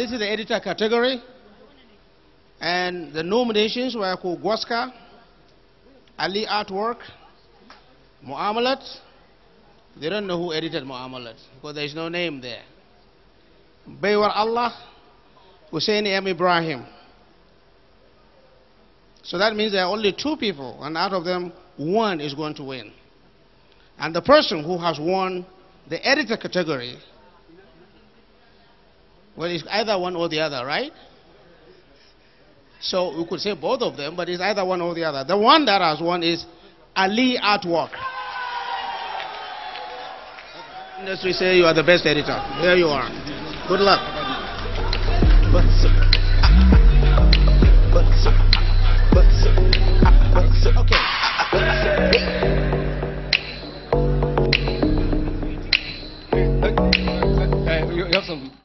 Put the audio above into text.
this is the editor category. And the nominations were Kogwaska, Ali Artwork, Muamalat. They don't know who edited Muamalat because there is no name there. Baywar Allah, Hussein M. Ibrahim. So that means there are only two people, and out of them, one is going to win. And the person who has won the editor category well, it's either one or the other, right? So we could say both of them, but it's either one or the other. The one that has won is Ali at work. Industry say you are the best editor. There you are. Good luck. Okay. you have some